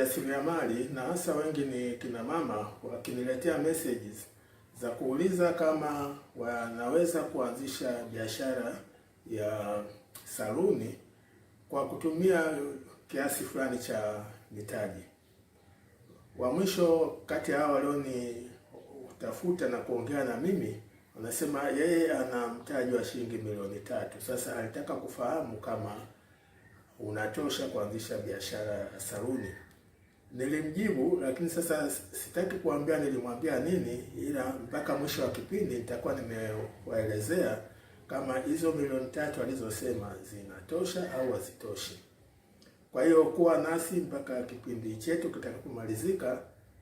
wajasiriamali na hasa wengi ni kina mama wakiniletea messages za kuuliza kama wanaweza kuanzisha biashara ya saluni kwa kutumia kiasi fulani cha mitaji. Wa mwisho kati ya hao walionitafuta na kuongea na mimi anasema yeye ana mtaji wa shilingi milioni tatu. Sasa alitaka kufahamu kama unatosha kuanzisha biashara ya saluni. Nilimjibu, lakini sasa sitaki kuambia nilimwambia nini, ila mpaka mwisho wa kipindi nitakuwa nimewaelezea kama hizo milioni tatu alizosema zinatosha au hazitoshi. Kwa hiyo kuwa nasi mpaka kipindi chetu kitakapomalizika,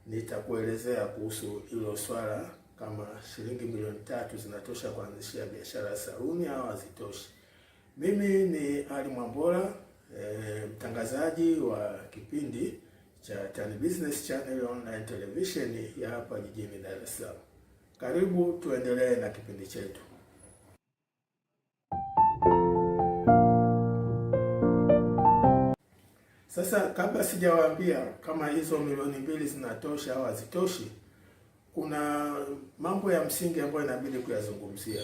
nitakuelezea kuhusu hilo swala, kama shilingi milioni tatu zinatosha kuanzishia biashara ya saluni au hazitoshi. Mimi ni Ali Mwambola, e, mtangazaji wa kipindi cha Tan Business Channel online television ya hapa jijini Dar es Salaam. Karibu tuendelee na kipindi chetu. Sasa kabla sijawaambia kama hizo milioni mbili zinatosha au hazitoshi, kuna mambo ya msingi ambayo inabidi kuyazungumzia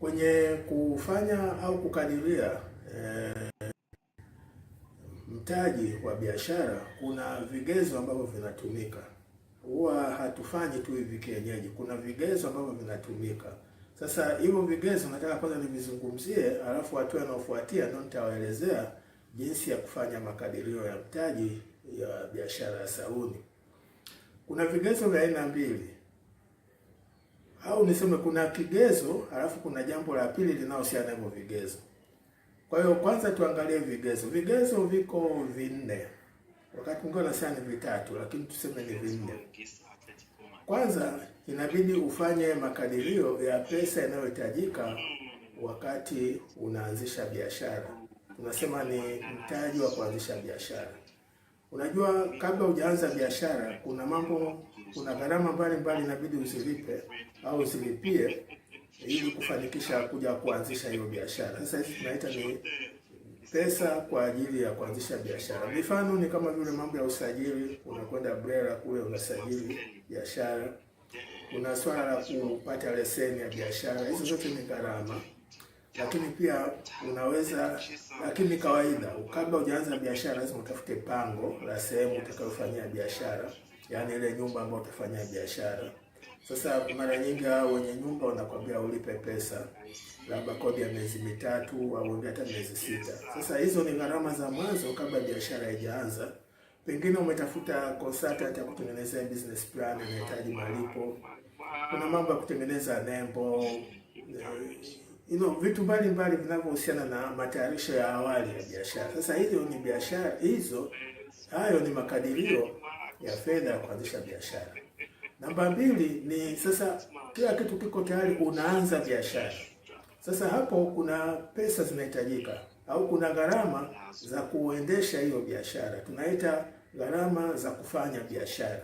kwenye kufanya au kukadiria eh, mtaji wa biashara kuna vigezo ambavyo vinatumika. Huwa hatufanyi tu hivi kienyeji, kuna vigezo ambavyo vinatumika. Sasa hivyo vigezo nataka kwanza nivizungumzie, alafu hatua inayofuatia ndio nitawaelezea jinsi ya kufanya makadirio ya mtaji ya biashara ya saluni. Kuna vigezo vya aina mbili, au niseme kuna kigezo, alafu kuna jambo la pili linalohusiana hivyo vigezo. Kwa hiyo kwanza tuangalie vigezo. Vigezo viko vinne, wakati mwingine wanasema ni vitatu, lakini tuseme ni vinne. Kwanza inabidi ufanye makadirio ya pesa inayohitajika wakati unaanzisha biashara. Tunasema ni mtaji wa kuanzisha biashara. Unajua, kabla hujaanza biashara, kuna mambo, kuna gharama mbalimbali inabidi uzilipe au uzilipie ili kufanikisha kuja kuanzisha hiyo biashara. Sasa hivi tunaita ni pesa kwa ajili ya kuanzisha biashara. Mifano ni kama vile mambo ya usajili, unakwenda BRELA kule unasajili biashara, kuna swala la kupata leseni ya biashara. Hizo zote ni gharama, lakini pia unaweza, lakini kawaida, kabla hujaanza biashara, lazima utafute pango la sehemu utakayofanyia biashara, yaani ile nyumba ambayo utafanyia biashara sasa mara nyingi wenye nyumba wanakwambia ulipe pesa labda kodi ya miezi mitatu au hata miezi sita. Sasa hizo ni gharama za mwanzo kabla biashara haijaanza. Pengine umetafuta consultant ya kutengenezea business plan, inahitaji malipo, kuna mambo ya kutengeneza nembo, eh, you know, vitu mbalimbali vinavyohusiana na matayarisho ya awali ya biashara. Sasa hizo ni biashara hizo, hayo ni makadirio ya fedha ya kuanzisha biashara. Namba mbili ni sasa, kila kitu kiko tayari, unaanza biashara. Sasa hapo kuna pesa zinahitajika au kuna gharama za kuendesha hiyo biashara, tunaita gharama za kufanya biashara.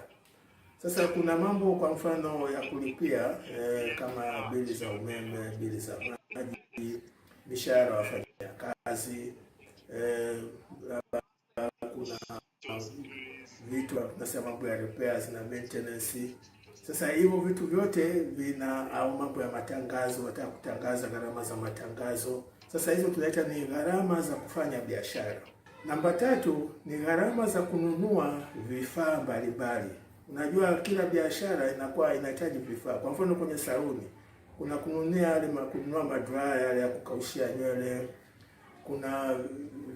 Sasa kuna mambo kwa mfano ya kulipia eh, kama bili za umeme, bili za maji, mishahara kazi eh, kuna vitu tunasema mambo ya repairs na maintenance. Sasa hivyo vitu vyote vina au mambo ya matangazo, wataka kutangaza gharama za matangazo. Sasa hizo tunaita ni gharama za kufanya biashara. Namba tatu ni gharama za kununua vifaa mbalimbali. Unajua kila biashara inakuwa inahitaji vifaa. Kwa mfano kwenye saluni kuna kununia yale kununua madraya yale ya kukaushia nywele, kuna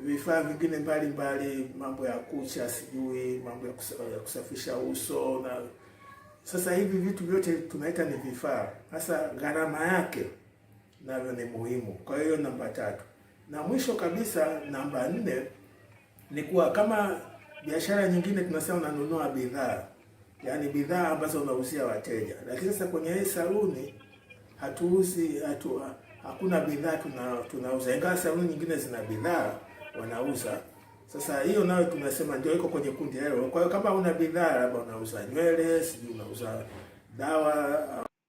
vifaa vingine mbalimbali, mambo ya kucha, sijui mambo ya kusafisha uso na sasa hivi vitu vyote tunaita ni vifaa. Sasa gharama yake navyo ni muhimu. Kwa hiyo namba tatu, na mwisho kabisa namba nne ni kuwa kama biashara nyingine tunasema unanunua bidhaa, yaani bidhaa ambazo unauzia wateja, lakini sasa kwenye hii saluni hatuuzi hatu, hakuna bidhaa tunauza, ingawa saluni nyingine zina bidhaa wanauza. Sasa hiyo nayo tunasema ndio iko kwenye kundi hilo. Kwa hiyo kama una bidhaa labda unauza nywele, sijui unauza dawa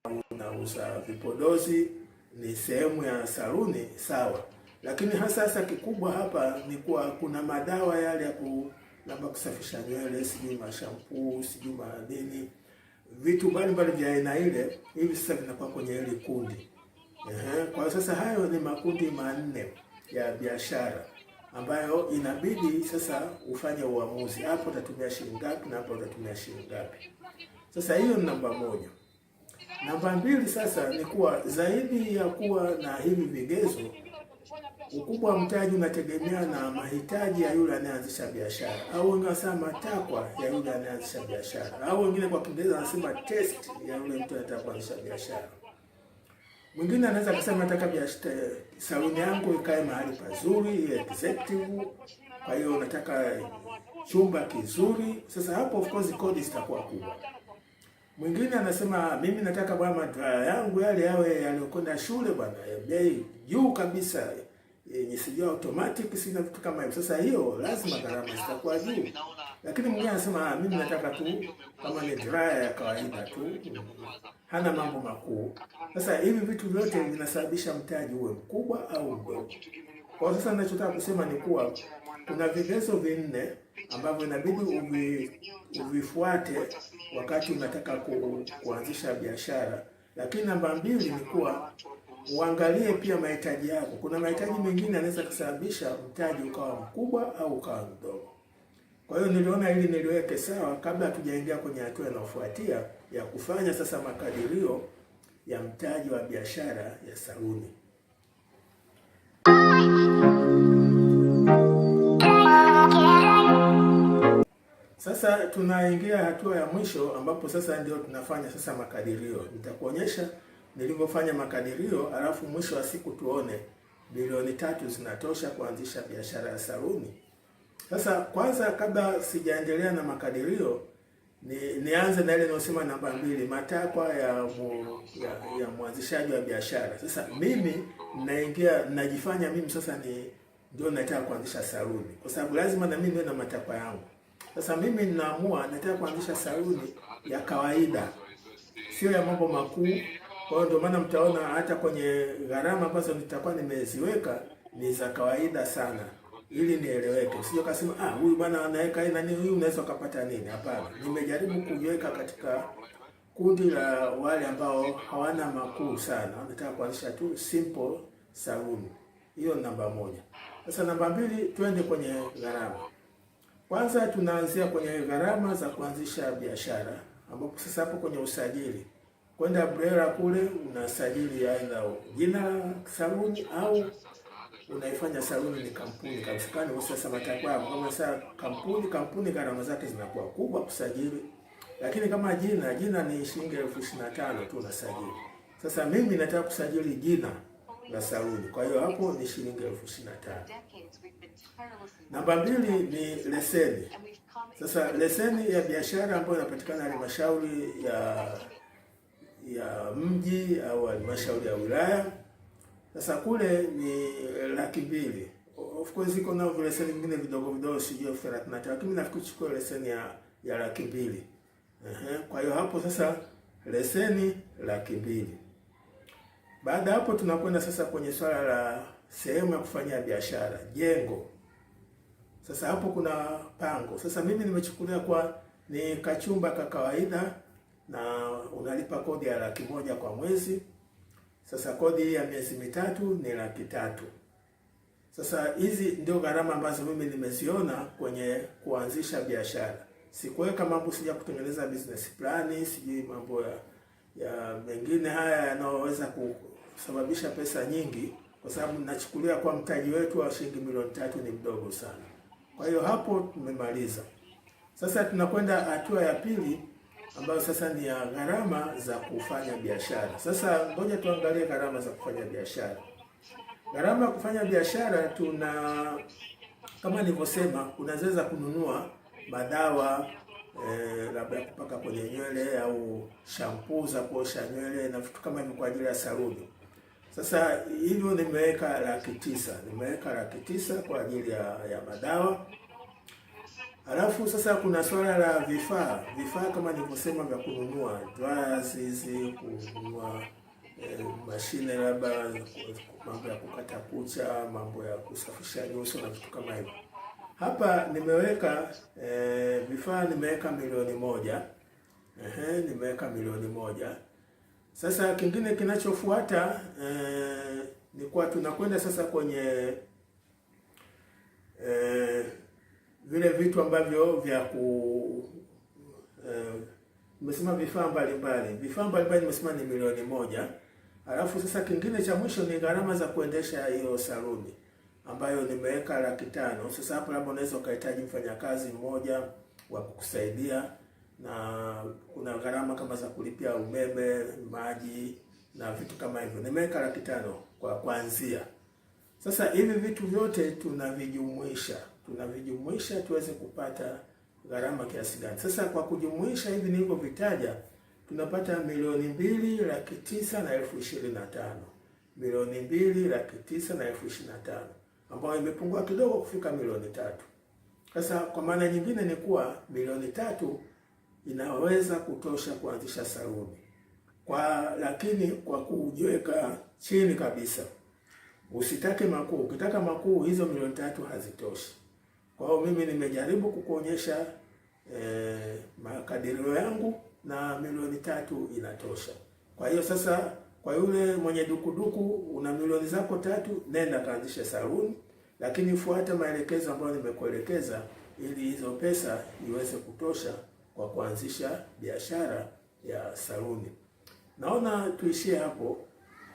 au unauza vipodozi, ni sehemu ya saluni sawa, lakini hasa hasa kikubwa hapa ni kuwa kuna madawa yale ya ku labda kusafisha nywele, sijui mashampuu, sijui madini, vitu mbalimbali vya aina ile, hivi sasa vinakuwa kwenye hili kundi. Ehe, kwa sasa hayo ni makundi manne ya biashara ambayo inabidi sasa ufanye uamuzi, hapo utatumia shilingi ngapi na hapo utatumia shilingi ngapi. Sasa hiyo ni namba moja. Namba mbili sasa ni kuwa zaidi ya kuwa na hivi vigezo, ukubwa wa mtaji unategemea na mahitaji ya yule anayeanzisha biashara, au wengine wanasema matakwa ya yule anayeanzisha biashara, au wengine kwa Kiingereza wanasema test ya yule mtu anataka kuanzisha biashara. Mwingine anaweza kusema nataka biashara eh, saluni yangu ikae mahali pazuri executive, kwa hiyo nataka chumba kizuri. Sasa hapo of course kodi zitakuwa kubwa. Mwingine anasema mimi nataka bwana madraya yangu yale yawe yaliyokwenda shule bwana, bei juu kabisa yenye sijua automatic, sina vitu kama hivyo. Sasa hiyo lazima gharama zitakuwa juu. Lakini mwingine anasema ah, mimi nataka tu kama ni draya ya kawaida tu, hana mambo makuu. Sasa hivi vitu vyote vinasababisha mtaji uwe mkubwa au mdogo. Kwa sasa ninachotaka kusema ni kuwa kuna vigezo vinne ambavyo inabidi uvi, uvifuate wakati unataka ku, kuanzisha biashara. Lakini namba mbili ni kuwa uangalie pia mahitaji yako. Kuna mahitaji mengine yanaweza kusababisha mtaji ukawa mkubwa au ukawa mdogo. Kwa hiyo niliona ili niliweke sawa kabla hatujaingia kwenye hatua inayofuatia ya kufanya sasa makadirio ya mtaji wa biashara ya saluni. Sasa tunaingia hatua ya mwisho ambapo sasa ndio tunafanya sasa makadirio. Nitakuonyesha nilivyofanya makadirio, alafu mwisho wa siku tuone bilioni tatu zinatosha kuanzisha biashara ya saluni sasa kwanza, kabla sijaendelea na makadirio, ni nianze na ile inayosema namba mbili, matakwa ya, mu, ya ya mwanzishaji wa biashara. Sasa mimi naingia najifanya mimi sasa ni ndio nataka kuanzisha saluni, kwa sababu lazima na mimi niwe na matakwa yangu. Sasa mimi ninaamua nataka kuanzisha saluni ya kawaida, sio ya mambo makuu. Kwa hiyo ndio maana mtaona hata kwenye gharama ambazo nitakuwa nimeziweka ni za kawaida sana ili nieleweke, sio kasema ah, huyu bwana anaweka hii nani, huyu unaweza ukapata nini? Hapana, nimejaribu kuiweka katika kundi la wale ambao hawana makuu sana, wanataka kuanzisha tu simple saluni. Hiyo namba moja. Sasa namba mbili, twende kwenye gharama. Kwanza tunaanzia kwenye gharama za kuanzisha biashara, ambapo sasa hapo kwenye usajili kwenda BRELA kule unasajili aidha jina saluni au unaifanya saluni ni kampuni kabisa. Kwani sasa matakwao kama sasa kampuni kampuni gharama zake zinakuwa kubwa kusajili, lakini kama jina jina ni shilingi elfu ishirini na tano tu unasajili. Sasa mimi nataka kusajili jina la saluni, kwa hiyo hapo ni shilingi elfu ishirini na tano. Namba mbili ni leseni. Sasa leseni ya biashara ambayo inapatikana halmashauri ya ya mji au halmashauri ya wilaya sasa kule ni eh, laki mbili. Of course iko na leseni nyingine vidogo vidogo sijui elfu thelathini na tatu. Mimi nafikiri chukua leseni ya ya laki mbili. Ehe, kwa hiyo hapo sasa leseni laki mbili. Baada hapo tunakwenda sasa kwenye swala la sehemu ya kufanyia biashara, jengo. Sasa hapo kuna pango. Sasa mimi nimechukulia kwa ni kachumba ka kawaida na unalipa kodi ya laki moja kwa mwezi. Sasa kodi ya miezi mitatu ni laki tatu. Sasa hizi ndio gharama ambazo mimi nimeziona kwenye kuanzisha biashara. Sikuweka mambo sija kutengeneza business plan, sijui mambo ya, ya mengine haya yanayoweza kusababisha pesa nyingi, kwa sababu ninachukulia kwa mtaji wetu wa shilingi milioni tatu ni mdogo sana. Kwa hiyo hapo tumemaliza. Sasa tunakwenda hatua ya pili ambayo sasa ni ya gharama za kufanya biashara. Sasa ngoja tuangalie gharama za kufanya biashara. Gharama ya kufanya biashara tuna kama nilivyosema, unaweza kununua madawa e, labda kupaka kwenye nywele au shampoo za kuosha nywele na vitu kama hivyo kwa ajili ya saluni. Sasa hivyo nimeweka laki tisa, nimeweka laki tisa kwa ajili ya, ya madawa Alafu sasa kuna swala la vifaa, vifaa kama nilivyosema vya kununua drawers hizi, kununua e, mashine labda mambo ya kukata kucha, mambo ya kusafisha nyuso na vitu kama hivyo. Hapa nimeweka e, vifaa nimeweka milioni moja. Ehe, nimeweka milioni moja. Sasa kingine kinachofuata e, ni kwa tunakwenda sasa kwenye e, vile vitu ambavyo vya ku eh, nimesema uh, vifaa mbalimbali vifaa mbalimbali nimesema ni milioni moja. Alafu sasa kingine cha mwisho ni gharama za kuendesha hiyo saluni ambayo nimeweka laki tano. Sasa hapo labda unaweza ukahitaji mfanyakazi mmoja wa kukusaidia, na kuna gharama kama za kulipia umeme, maji na vitu kama hivyo. Nimeweka laki tano kwa kuanzia. Sasa hivi vitu vyote tunavijumuisha tunavijumuisha tuweze kupata gharama kiasi gani. Sasa kwa kujumuisha hivi nilivyovitaja, tunapata milioni mbili laki tisa na elfu ishirini na tano milioni mbili laki tisa na elfu ishirini na tano ambayo imepungua kidogo kufika milioni tatu. Sasa kwa maana nyingine ni kuwa milioni tatu inaweza kutosha kuanzisha saluni kwa, lakini kwa kujiweka chini kabisa, usitake makuu. Ukitaka makuu, hizo milioni tatu hazitoshi. Kwa hiyo mimi nimejaribu kukuonyesha eh, makadirio yangu na milioni tatu inatosha. Kwa hiyo sasa, kwa yule mwenye dukuduku, una milioni zako tatu, nenda kaanzishe saluni, lakini fuata maelekezo ambayo nimekuelekeza ili hizo pesa iweze kutosha kwa kuanzisha biashara ya saluni. Naona tuishie hapo.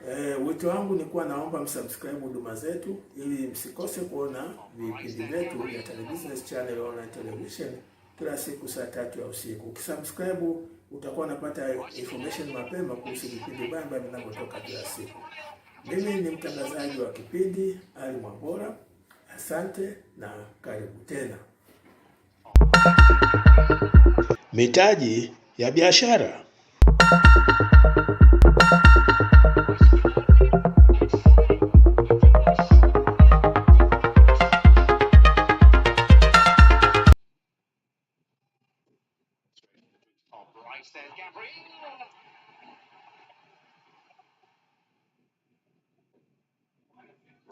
Eh, wito wangu ni kuwa naomba msubscribe huduma zetu ili msikose kuona vipindi vyetu vya Tan Business Channel online television kila siku saa tatu ya usiku. Ukisubscribe utakuwa unapata information mapema kuhusu vipindi mbalimbali vinavyotoka kila siku. Mimi ni mtangazaji wa kipindi Ali Mwambola. Asante na karibu tena. Mitaji ya biashara.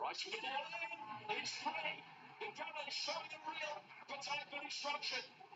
Christ. Without him, it's free. It doesn't show the real, appetite for destruction. instruction.